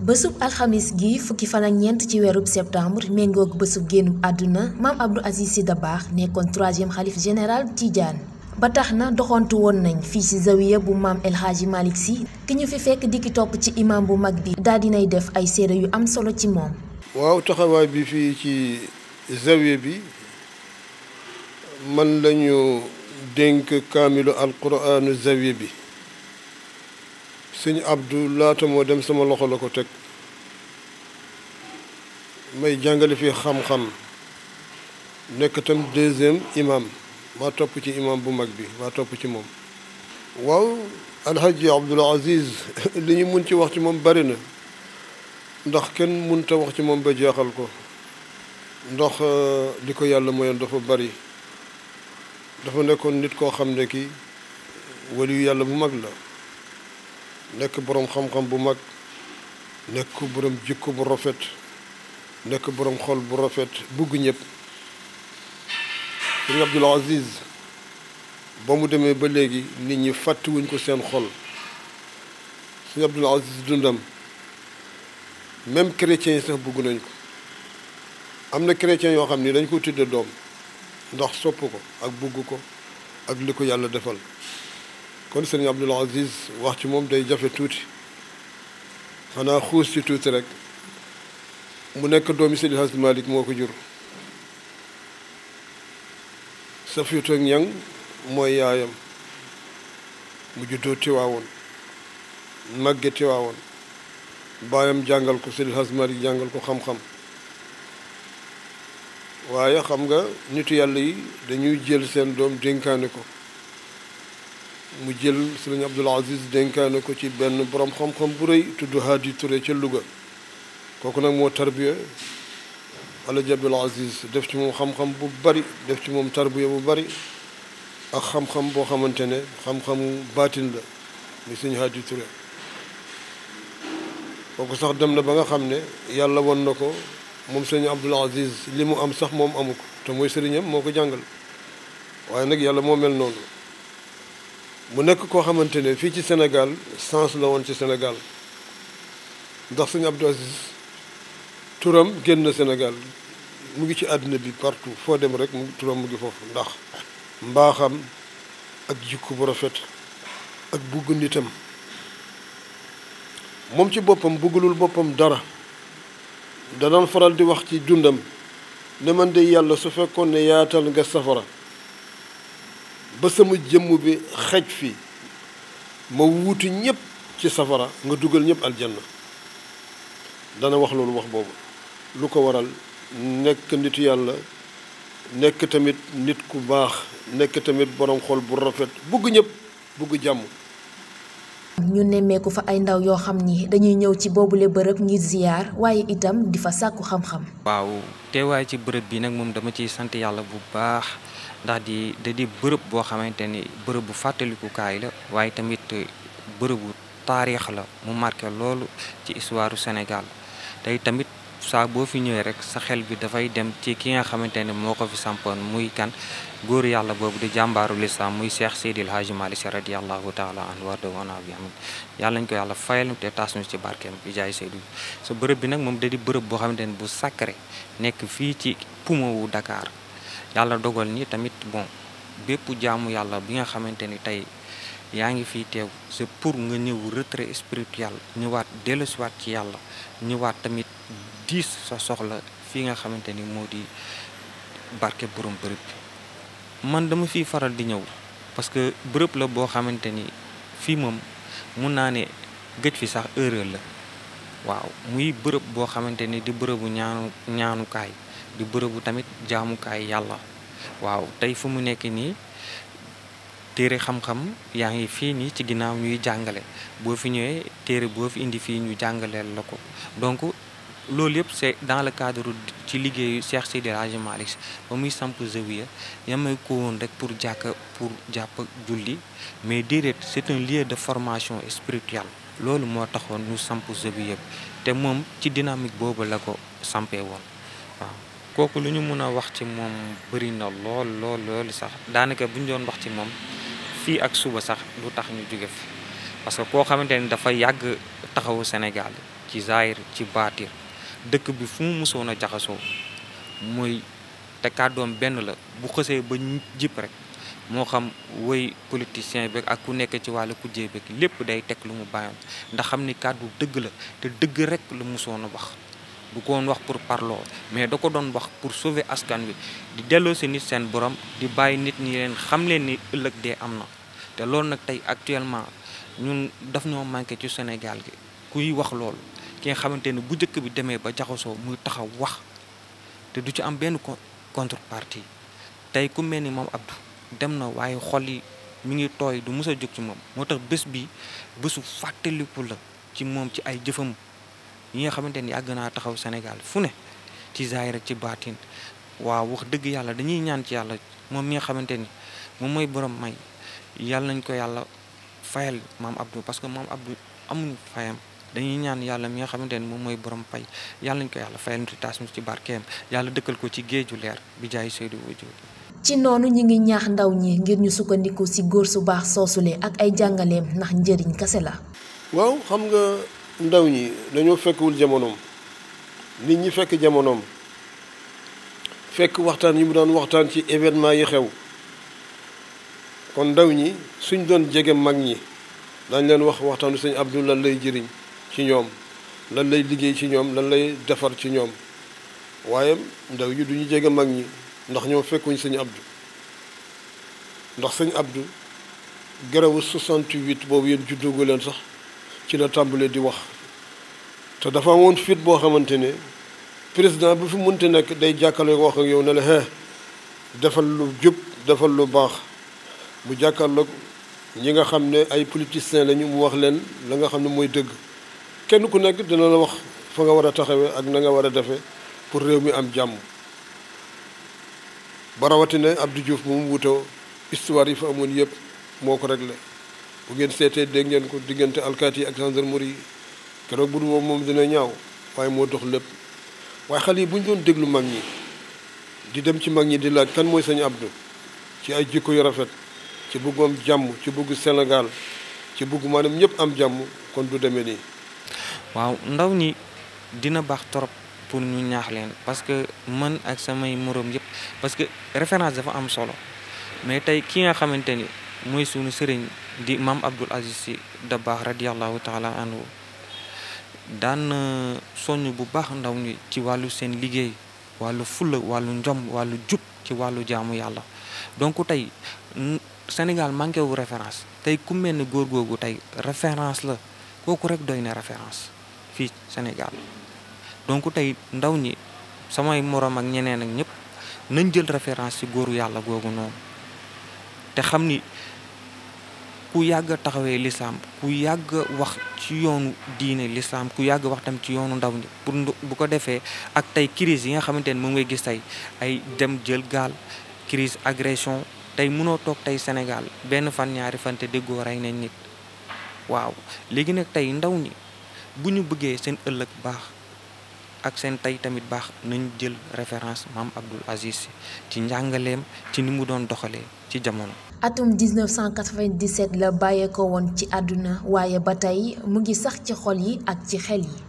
bésub alxamis gi fukki fan ñeent ci weerub septembre méngoog bésub génnub àdduna maam Abdou Aziz Sy baax nekkoon troisième xalif général Tidiane ba tax na doxantu woon nañ fii ci zawiya bu maam El Hadji Malick Sy ki ñu fi fekk dikki topp ci imam bu mag bi daal dinay def ay seede yu am solo ci moom waaw taxawaay bi fii ci zawiya bi man lañu dénk kaamilu alquraanu zawiya bi sëñ Abdou laata moo dem sama loxo la ko teg may jàngale fi xam-xam nekk tam deuxième imam maa topp ci imam bu mag bi maa topp ci moom waaw alhaji Abdoul Aziz li ñu mun ci wax ci moom bari na ndax kenn munta wax ci moom ba jeexal ko ndox di euh, ko yàlla mooyoon dafa bari dafa nekkoon nit koo xam ne kii waliyu yàlla bu mag la nekk boroom xam-xam bu mag nekk boroom jikko bu rafet nekk boroom xol bu rafet bugg ñëpp sëñ Abdul Aziz ba mu demee ba léegi nit ñi fàttiwuñ ko seen xol sëñ Abdul Aziz dundam même chrétiens yi sax bugg nañ ko am na chrétiens yoo xam ni dañ ko tudde doom ndax sopp ko ak bugg ko ak li ko yàlla defal kon sëñ Abdoul Aziz wax ci moom day jafe tuuti xanaa xuus ci tuuti rek mu nekk doomi Seydi Hadj Malick moo ko jur Safiyatu Ñaŋ mooy yaayam mu juddoo Tiwaawoon màgge Tiwaawoon baayam jàngal ko Seydi Hadj Malick jàngal ko xam-xam waaye xam nga nitu yàlla yi dañuy jël seen doom dénkaane ko mu jël sëriñ Abdul Aziz dénkaane ko ci benn borom xam-xam bu rëy tudd Hadi Touré ca Louga kooku nag moo tarbiya Alaji Abdul Aziz def ci moom xam-xam bu bari def ci moom tarbiya bu bari ak xam-xam boo xamante ne xam-xamu baatin la muy sëñ Hadi Touré kooku sax dem na ba nga xam ne yàlla woon na ko moom sëriñ Abdoul Aziz li mu am sax moom amu ko te mooy sëriñam moo ko jàngal waaye nag yàlla moo mel noonu mu nekk koo xamante ne fii ci Sénégal sens la woon ci Sénégal ndax sëriñ Abdoul Aziz turam génn Sénégal mu ngi ci àddina bi partout foo dem rek mu ngi turam mu ngi foofu ndax mbaaxam ak jikko bu rafet ak bugg nitam moom ci boppam buggulul boppam dara da faral di wax ci dundam ne man de yàlla su fekkoon ne yaatal nga safara ba sama jëmm bi xej fi ma wuuti ñépp ci safara nga dugal ñëpp aljanna dana wax loolu wax boobu lu ko waral nekk nitu yàlla nekk tamit nit ku baax nekk tamit borom xol bu rafet bugg ñëpp bugg jàmm ñu nemmeeku fa ay ndaw yoo xam ni dañuy ñëw ci boobule bërëb ngir ziyaar waaye itam di fa sàkku xam-xam. waaw teewaay ci bërëb bi nag moom dama ciy sant yàlla bu baax ndax di da bërëb boo xamante ni bërëb bu fàttalikukaay la waaye tamit bërëbu taarix la mu marqué loolu ci histoire Sénégal tey tamit. saa boo fi ñëwee rek sa xel bi dafay dem ci ki nga xamante ne moo ko fi sampoon muy kan góor yàlla boobu di jàmbaaru lislaam muy Cheikh Seydil Hadji Malick Sy radiyallahu taala an warda wana bi hamd yàlla ñu ko yàlla fayal te taas ñu ci barkeem bi jaay Seydou sa bërëb bi nag moom da bërëb boo xamante ne bu sacré nekk fii ci poumon wu dakaar yàlla dogal ni tamit bon bépp jaamu yàlla bi nga xamante ni tey yaa ngi fii teew c'est pour nga ñëw retrait spirituel ñëwaat dellusiwaat ci yàlla diis sa soxla fii nga xamante ni moo di barke borom bërëb bi man dama fi faral di ñëw parce que bërëb la boo xamante ni fii moom mun naa ne gëj fi sax erreur la waaw muy bërëb boo xamante ni di bërëbu ñaanu ñaanukaay di bërëbu tamit jaamukaay yàlla waaw tey fu mu nekk nii téere xam-xam yaa ngi fii nii ci ginnaaw ñuy jàngale boo fi ñëwee téere boo fi indi fii ñu jàngaleel la ko donc loolu yëpp c'est dans le cadre ci liggéeyu Cheikh Seydi Hadji Malick ba muy samp zawiya yamay ko woon rek pour jàkka pour jàpp julli mais déedéet c'est un lieu de formation spirituelle loolu moo taxoon ñu samp zawiya bi te moom ci dynamique boobu la ko sampee woon waaw kooku lu ñu mën a wax ci moom bëri na lool lool lool sax daanaka bu doon wax ci moom fii ak suba sax lu tax ñu jóge fi parce que koo xamante ni dafa yàgg taxawu Sénégal ci zahir ci baatir dëkk bi fu mu mosoon a jaxasoo muy te kàddoom benn la bu xësee ba jip rek moo xam woy politicien bi ak ku nekk ci wàllu kujjee bi lépp day teg lu mu bàyyoon ndax xam ni kàddu dëgg la te dëgg rek lu mosoon a wax du ko woon wax pour parloo mais da ko doon wax pour sauver askan wi di delloo si nit seen borom di bàyyi nit ñi leen xam leen ni ëllëg dee am na te loolu nag tey actuellement ñun daf ñoo manqué ci Sénégal gi kuy wax loolu ki nga xamante ne bu njëkk bi demee ba jaxasoo muy taxaw wax te du ci am benn contrepartie tey ku mel ni moom abdu dem na waaye xol yi mi ngi tooy du mës a jóg ci moom moo tax bés bi bésu fàttaliku la ci moom ci ay jëfam yi nga xamante ni yàgg naa taxaw Sénégal fu ne ci zaahir ak ci baatin waaw wax dëgg yàlla dañuy ñaan ci yàlla moom mi nga xamante ni moom mooy borom may yàlla nañ ko yàlla fayal maam Abdou parce que maam Abdou amuñu fayam dañuy ñaan yàlla mi nga xamante ne moom mooy borom pay yàlla nañ ko yàlla fayal ñu taas ñu ci barkeem yàlla dëkkal ko ci géeju leer bi jaay Seydou Wajur ci noonu ñi ngi ñaax ndaw ñi ngir ñu sukkandiku si góor su baax soosule ak ay jàngaleem ndax njëriñ kase la. waaw xam nga ndaw ñi dañoo fekkwul jamonoom nit ñi fekk jamonoom fekk waxtaan yi mu daan waxtaan ci événement yi xew kon ndaw ñi suñ doon jege mag ñi dañ leen wax waxtaanu sëñ Abdoulaye lay jëriñ. ci ñoom lan lay liggéey ci ñoom lan lay defar ci ñoom waaye ndaw yi duñu jege mag ñi ndax ñoo fekkuñ sëñ Abdou ndax sëñ Abdou garawu 68 boobu yéen juddugu leen sax ci la tàmbalee di wax te dafa amoon fit boo xamante ne président bi fi mënti nekk day jàkkale ko wax ak yow ne hee defal lu jub defal lu baax mu jàkkaarloog ñi nga xam ne ay politiciens lañu mu wax leen la nga xam ne mooy dëgg. kenn ku nekk dina la wax fa nga war a taxawee ak na nga war a defee pour réew mi am jàmm ba rawatina Abdou Diouf mu wutoo histoire yi fa amoon yëpp moo ko regle bu ngeen seetee dégg ngeen ko diggante alkaati ak gendarmerie yi keroog bu boobu moom dina ñaaw waaye moo dox lépp waaye xale yi bu ñu doon déglu mag ñi di dem ci mag ñi di laaj kenn mooy sëñ Abdou ci ay jikko yu rafet ci bëggoom jàmm ci bëgg senegal ci buggu maanaam ñëpp am jàmm kon du demee nii. waaw ndaw ñi dina baax torop pour ñu ñaax leen parce que man ak samay moroom yëpp parce que référence dafa am solo mais tey ki nga xamante ni mooy sunu sëriñ di maam Abdul Aziz Sy Dabakh radiallahu taala anu daan soññ bu baax ndaw ñi ci wàllu seen liggéey wàllu fulla wàllu njom wàllu jub ci wàllu jaamu yàlla donc tey Sénégal manqué wu référence tey ku mel ni góor googu tey référence la kooku rek doy na référence fii Sénégal donc tey ndaw ñi samay morom ak ñeneen ak ñëpp nañ jël référence ci góoru yàlla googu noonu te xam ni ku yàgg a taxawee lislaam ku yàgg wax ci yoonu diine lislaam ku yàgg wax tam ci yoonu ndaw ñi pour bu ko defee ak tey crise yi nga xamante ne moom ngay gis tey ay dem jël gaal crise agression tey mënoo toog tey Sénégal benn fan ñaari fan te déggoo rey nañ nit waaw léegi nag tey ndaw ñi bu ñu bëggee seen ëllëg baax ak seen tey tamit baax nañ jël référence maam Abdoul Aziz ci njàngaleem ci ni mu doon doxalee ci jamono. atum 1997 la ko woon ci àdduna waaye ba tey mu ngi sax ci xol yi ak ci xel yi.